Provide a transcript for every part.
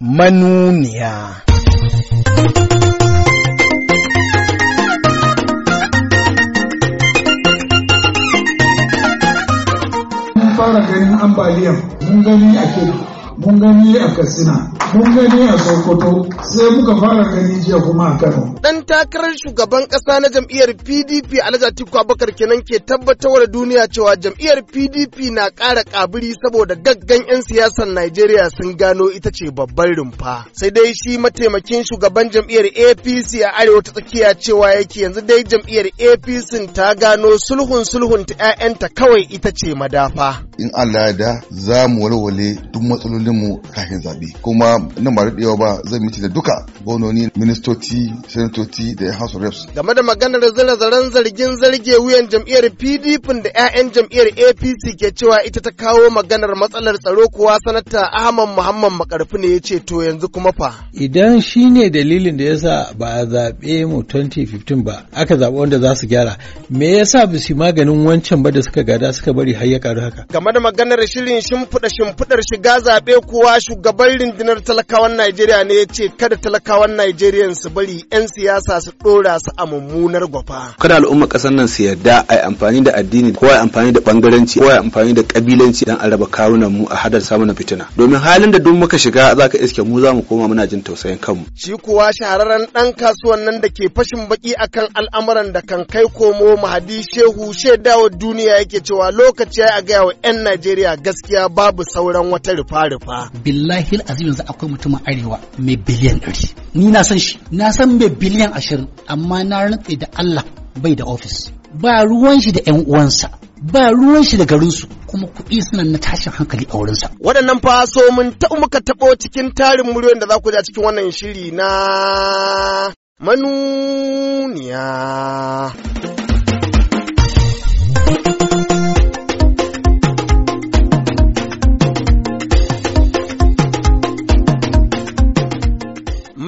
manuniya. Mun fara ganin ambaliyan mun gani a mun gani a Katsina. mun gani a Sokoto sai muka fara gani jiya kuma a Kano. Dan takarar shugaban ƙasa na jam'iyyar PDP Alhaji Atiku Abubakar kenan ke tabbatar da duniya cewa jam'iyyar PDP na ƙara kabiri saboda gaggan 'yan siyasar Najeriya sun gano ita ce babbar rumfa. Sai dai shi mataimakin shugaban jam'iyyar APC a arewa ta tsakiya cewa yake yanzu dai jam'iyyar APC ta gano sulhun sulhun ta 'ya'yanta kawai ita ce madafa. In Allah ya da za mu walwale duk matsalolinmu kafin zaɓe. Kuma na'am nan ba ba zai miti da duka gononi ministoci senatoci da ya hasu reps game da maganar zare-zaren zargin zarge wuyan jam'iyyar pdp da 'ya'yan jam'iyyar apc ke cewa ita ta kawo maganar matsalar tsaro kuwa sanata ahmad muhammad makarfi ne ya ce to yanzu kuma fa idan shi ne dalilin da yasa ba a zaɓe mu 2015 ba aka zaɓi wanda za su gyara me yasa ba su maganin wancan ba da suka gada suka bari har ya karu haka game da maganar shirin shimfiɗa shimfiɗar shiga zaɓe kuwa shugaban rundunar talakawan Najeriya ne ya ce kada talakawan Najeriya su bari 'yan siyasa su ɗora su a mummunar gwafa. Kada al'umma ƙasar nan su yarda a yi amfani da addini ko a yi amfani da ɓangarenci ko a yi amfani da ƙabilanci don a raba kawunan mu a hadar samun fitina. Domin halin da duk muka shiga za ka iske mu za mu koma muna jin tausayin kanmu. Shi kuwa shahararren ɗan kasuwan nan da ke fashin baki akan al'amuran da kan kai komo Mahadi Shehu shaidawa duniya yake cewa lokaci ya gaya wa 'yan Najeriya gaskiya babu sauran wata rufa-rufa. Billahi azim yanzu akwai mutumin arewa mai biliyan ɗari ni na san shi na san mai biliyan ashirin amma na rantse da Allah bai da ofis ba ruwan shi da 'yan uwansa ba ruwan shi da garinsu kuma kuɗi suna na tashin hankali a wurinsa. Waɗannan fa so mun taɓa muka taɓo cikin tarin muryoyin da za ku ja cikin wannan shiri na manuniya.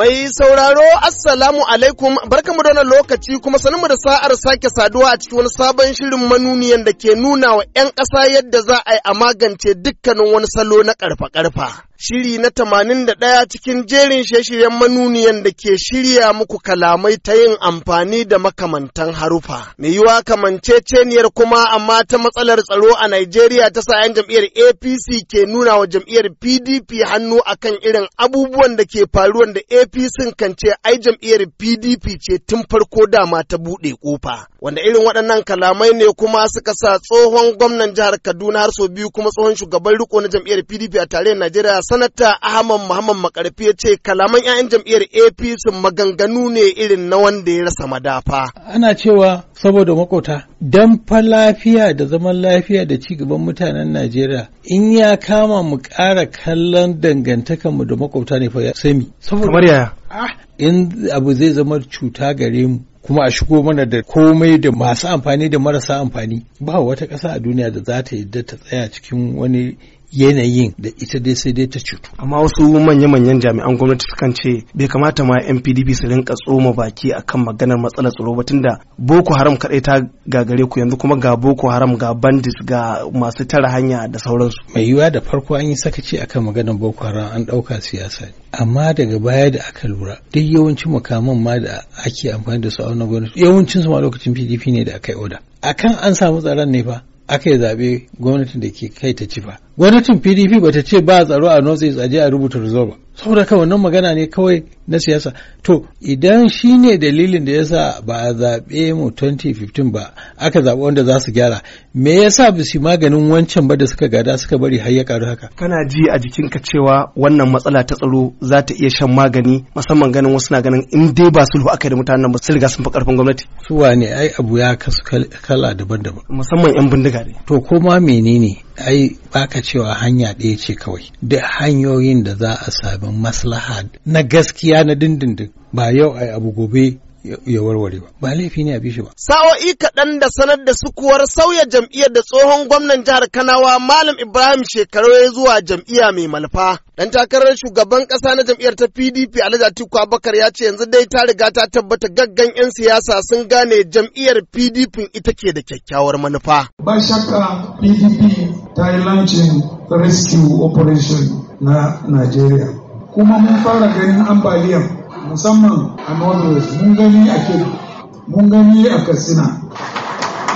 Mai sauraro Assalamu alaikum barkamu da wannan lokaci kuma sanin mu da sa'ar sake saduwa a cikin wani sabon shirin manuniyan da ke nuna wa 'yan ƙasa yadda za a yi a magance dukkanin wani salo na karfa-karfa. shiri na tamanin da ɗaya cikin jerin shirye-shiryen manuniyan da ke shirya muku kalamai ta yin amfani da makamantan harufa. Mai yiwa kamanceceniyar kuma amma ta matsalar tsaro a Najeriya ta sa 'yan jam'iyyar APC ke nuna wa jam'iyyar PDP hannu akan irin abubuwan da ke faruwan da APC kan ce ai jam'iyyar PDP ce tun farko dama ta buɗe kofa Wanda irin waɗannan kalamai ne kuma suka sa tsohon gwamnan jihar Kaduna har sau biyu kuma tsohon shugaban riko na jam'iyyar PDP a tarayyar Najeriya sanata Ahmad Muhammad Makarfi ya ce kalaman 'ya'yan jam'iyyar APC maganganu ne irin na wanda ya rasa madafa. Ana cewa saboda makota don fa lafiya da zaman lafiya da ci gaban mutanen Najeriya in ya kama mu ƙara kallon dangantakanmu da makota ne fa sami. Kamar yaya? Ah, in abu zai zama cuta gare mu kuma a shigo mana da komai da masu amfani da marasa amfani ba wata ƙasa a duniya da za ta yadda ta tsaya cikin wani yanayin da ita dai sai dai ta cutu. Amma wasu manya-manyan jami'an gwamnati sukan ce bai kamata ma 'yan PDP su rinka tsoma baki akan maganar matsalar tsaro ba tunda Boko Haram kaɗai ta gagare ku yanzu kuma ga Boko Haram ga bandits ga masu tara hanya da sauransu. Mai yiwuwa da farko an yi sakaci akan maganar Boko Haram an ɗauka siyasa ne. Amma daga baya da aka lura duk yawancin makaman ma da ake amfani da su a wannan gwamnati yawancin su ma lokacin PDP ne da aka yi oda. Akan an samu tsaron ne fa aka yi zaɓe gwamnatin da ke kai ta ci fa gwamnatin pdp ba ta ce ba tsaro a north east aje a rubuta result ba saboda kai wannan magana ne kawai na siyasa to idan shi ne dalilin da yasa ba a zaɓe mu 2015 ba aka zaɓi wanda za su gyara me yasa ba su maganin wancan ba da suka gada suka bari har ya karu haka kana ji a jikinka cewa wannan matsala ta tsaro za ta iya shan magani musamman ganin wasu na ganin in dai ba sulhu aka yi da mutanen ba sun riga sun fi karfin gwamnati su wane ai abu ya kasu kala daban-daban musamman yan bindiga ne to ko ma menene ai baka cewa hanya ɗaya ce kawai da hanyoyin da za a sami maslaha na gaskiya na dindindin ba yau a yi abu gobe ya warware ba ba laifi ne a bishi ba sa'o'i kaɗan da sanar da sukuwar sauya jam'iyyar da tsohon gwamnan jihar kanawa malam ibrahim shekaru ya zuwa jam'iyya mai malfa dan takarar shugaban ƙasa na jam'iyyar ta pdp alhaji atiku abakar ya ce yanzu dai ta riga ta tabbata gaggan 'yan siyasa sun gane jam'iyyar pdp ita ke da kyakkyawar manufa ba shakka pdp ta yi lancin rescue operation na najeriya kuma mun fara ganin ambaliyan musamman a northwest mun gani a kebbi mun gani a katsina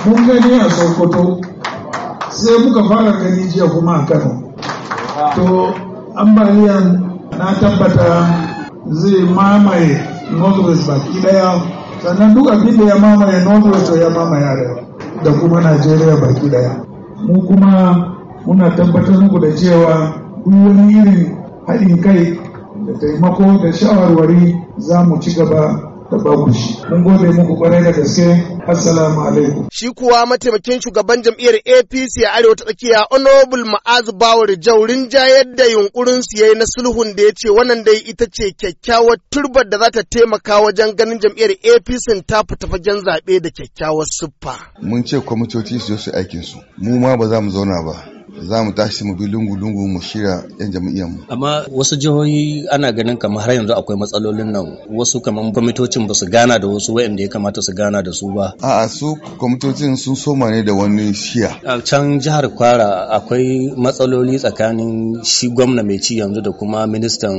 mun gani a sokoto sai muka fara gani jiya kuma a kano to ambaliyan na tabbata zai mamaye northwest baki daya sannan duk abin da ya mamaye northwest ya mamaye da kuma najeriya baki daya mu kuma muna tabbatar muku da cewa duk wani irin haɗin kai da taimako da shawarwari za mu ci gaba da baku shi. Mun gode muku kwarai da gaske. Assalamu alaikum. Shi kuwa mataimakin shugaban jam'iyyar APC a Arewa ta tsakiya Honorable Ma'azu Bawar Jaurin ja da yunkurin su yayi na sulhun da ya ce wannan dai ita ce kyakkyawar turbar da za ta taimaka wajen ganin jam'iyyar APC ta fita fagen zaɓe da kyakkyawar siffa. Mun ce kwamitoci su yi aikin su. Mu ma ba za mu zauna ba. za mu tashi mu bi lungu-lungu mu shirya 'yan jam'iyyar mu. Amma wasu jihohi ana ganin kamar har yanzu akwai matsalolin nan wasu kamar kwamitocin ba su gana da wasu wayanda ya kamata su gana da su ba. A'a su kwamitocin sun soma ne da wani shiya. A can jihar Kwara akwai matsaloli tsakanin shi gwamna mai ci yanzu da kuma ministan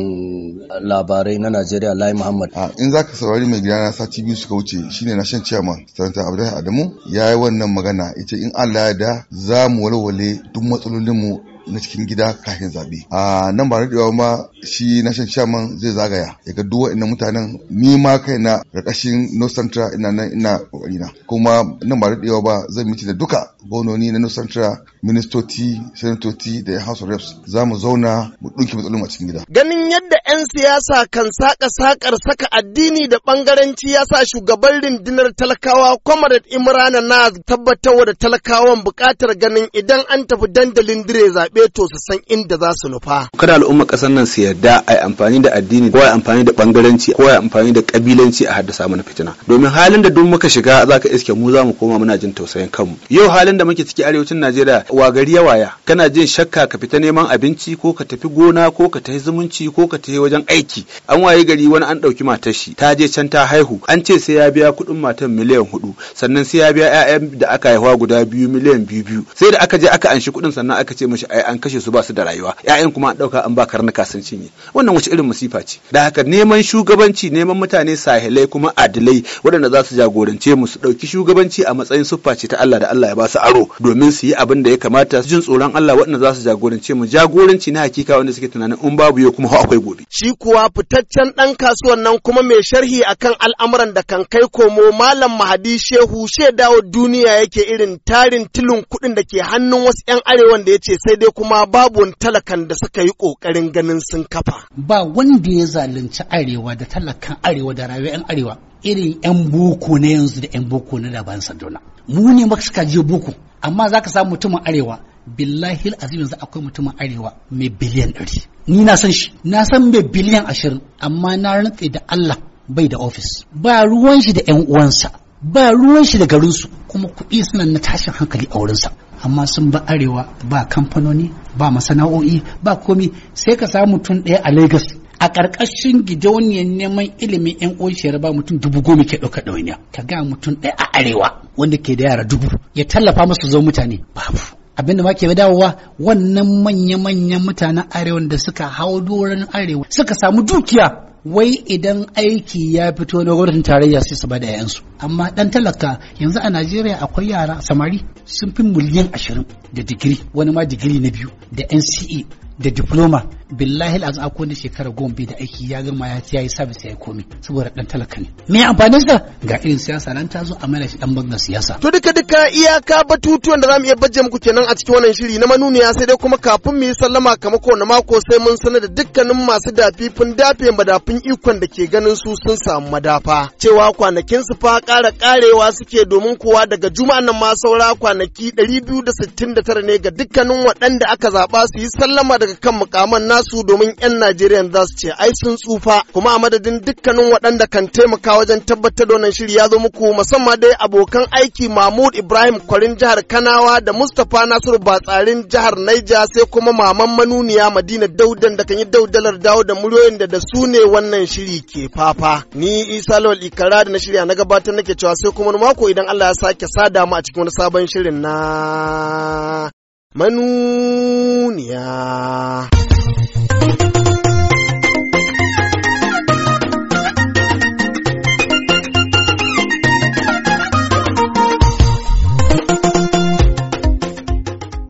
labarai na Najeriya Lai Muhammad. A in za ka saurari mai gidana sati biyu suka wuce shine na shan chairman Sanata Abdullahi Adamu ya yi wannan magana ita in Allah ya da za mu walwale duk matsalolin allolinmu na cikin gida kafin zaɓe. A nan ba da ma shi na shan shaman zai zagaya ya ga duwa ina mutanen ni ma kai na ƙarƙashin no Central ina nan ina na. Kuma nan ba da ba zan miti da duka gononi na no Central ministoci, senatoci da House of Reps za mu zauna mu ɗauki matsalolin a cikin gida. Ganin yadda 'yan siyasa kan saka sakar saka addini da bangaranci ya sa shugaban rundunar talakawa Comrade Imrana Naz tabbatarwa da talakawan buƙatar ganin idan an tafi dandalin dire zaɓe. zaɓe to su san inda za su nufa. Kada al'umma ƙasar nan su yarda a yi amfani da addini ko a yi amfani da ɓangaranci ko a yi amfani da ƙabilanci a haddasa mana fitina. Domin halin da duk muka shiga za ka iske mu za mu koma muna jin tausayin kanmu. Yau halin da muke ciki arewacin Najeriya wa gari ya waya kana jin shakka ka fita neman abinci ko ka tafi gona ko ka tafi zumunci ko ka tafi wajen aiki. An waye gari wani an ɗauki matar shi ta je can ta haihu an ce sai ya biya kuɗin matan miliyan hudu sannan sai ya biya 'ya'yan da aka haihuwa guda biyu miliyan biyu biyu sai da aka je aka anshi kuɗin sannan aka ce mashi ai an kashe su ba su da rayuwa ƴaƴan kuma an ɗauka an ba karnuka sun cinye wannan wace irin masifa ce da haka neman shugabanci neman mutane sahilai kuma adilai waɗanda za su jagorance mu su ɗauki shugabanci a matsayin siffa ce ta Allah da Allah ya ba su aro domin su yi abin da ya kamata su jin tsoron Allah waɗanda za su jagorance mu jagoranci na hakika wanda suke tunanin in babu yau kuma akwai gobe shi kuwa fitaccen ɗan kasuwan nan kuma mai sharhi akan al'amuran da kan kai komo malam mahadi shehu shedawo duniya yake irin tarin tilin kuɗin da ke hannun wasu 'yan arewan da ya ce sai dai kuma babu talakan da suka yi ƙoƙarin ganin sun kafa. Ba wanda ya zalunci arewa da talakan arewa da rayuwa 'yan arewa irin 'yan boko na yanzu da 'yan boko na daban sadona. Mu ne suka je boko amma za ka samu mutumin arewa billahi azim yanzu akwai mutumin arewa mai biliyan ɗari. Ni na san shi na san mai biliyan ashirin amma na rantse da Allah bai da ofis ba ruwan shi da 'yan uwansa. ba ruwan shi da garinsu kuma kuɗi suna na tashin hankali a wurinsa amma sun ba arewa ba kamfanoni ba masana'o'i ba komi sai ka samu mutum ɗaya a Legas a ƙarƙashin gidauniyar neman ilimin 'yan ƙunshiyar ba mutum dubu goma ke ɗauka ɗauniya ka ga mutum ɗaya a arewa wanda ke da yara dubu ya tallafa masu zo mutane babu abinda ma ke dawowa wannan manya-manyan mutanen arewa da suka hau doron arewa suka samu dukiya wai idan aiki ya fito na gwamnatin tarayya sai su bada 'yansu. amma dan talaka yanzu a Najeriya akwai yara samari sun fi miliyan ashirin da digiri wani ma digiri na biyu da NCE da diploma billahi azum akwai wanda shekara goma da aiki ya girma ya yi sabis ya yi komi saboda dan talaka ne me amfanin sa ga irin siyasa nan ta zo a mana shi dan bangar siyasa to duka duka iyaka batutuwan da zamu iya bajje muku kenan a cikin wannan shiri na manuniya sai dai kuma kafin mu yi sallama ko na mako sai mun sanar da dukkanin masu dafifin dafe madafin ikon da ke ganin su sun samu madafa cewa kwanakin su fa ƙara ƙarewa suke domin kowa daga juma'an nan ma saura kwanaki 269 ne ga dukkanin waɗanda aka zaba su yi sallama daga kan mukamman nasu domin 'yan Najeriya za su ce ai sun tsufa kuma a madadin dukkanin waɗanda kan taimaka wajen tabbatar da wannan shiri ya zo muku musamman dai abokan aiki Mahmud Ibrahim Kwarin jihar Kanawa da Mustapha Nasiru Batsarin jihar Naija sai kuma maman manuniya Madina Daudan da kan yi daudalar dawo da muryoyin da da su ne wannan shiri ke fafa. Ni Isa Lawal Ikara da na shirya na gabatar nake cewa sai kuma mako idan Allah ya sake sada mu a cikin wani sabon shirin na manuniya.